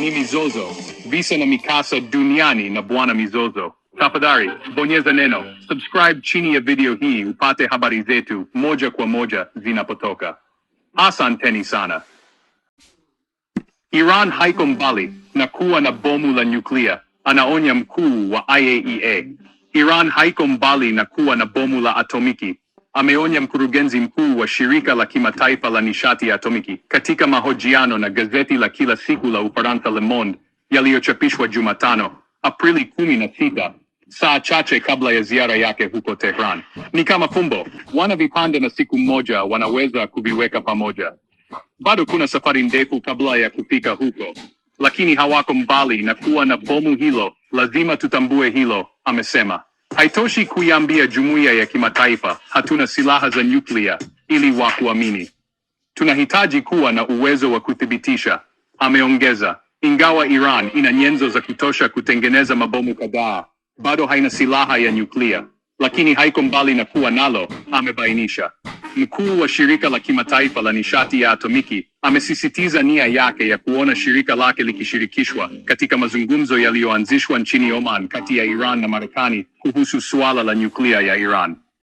ni mizozo, visa na mikasa duniani na Bwana Mizozo. Tafadhali bonyeza neno subscribe chini ya video hii upate habari zetu moja kwa moja zinapotoka. Asanteni sana. Iran haiko mbali na kuwa na bomu la nyuklia, anaonya mkuu wa IAEA. E Iran haiko mbali na kuwa na bomu la atomiki, ameonya mkurugenzi mkuu wa shirika la kimataifa la nishati ya atomiki katika mahojiano na gazeti la kila siku la Ufaransa Le Monde yaliyochapishwa Jumatano, Aprili kumi na sita, saa chache kabla ya ziara yake huko Tehran. Ni kama fumbo, wana vipande na siku mmoja wanaweza kuviweka pamoja. Bado kuna safari ndefu kabla ya kufika huko, lakini hawako mbali na kuwa na bomu hilo. Lazima tutambue hilo, amesema. Haitoshi kuiambia jumuiya ya kimataifa hatuna silaha za nyuklia ili wakuamini. Tunahitaji kuwa na uwezo wa kuthibitisha, ameongeza. Ingawa Iran ina nyenzo za kutosha kutengeneza mabomu kadhaa, bado haina silaha ya nyuklia, lakini haiko mbali na kuwa nalo, amebainisha mkuu wa shirika la kimataifa la nishati ya atomiki amesisitiza nia yake ya kuona shirika lake likishirikishwa katika mazungumzo yaliyoanzishwa nchini Oman kati ya Iran na Marekani kuhusu suala la nyuklia ya Iran.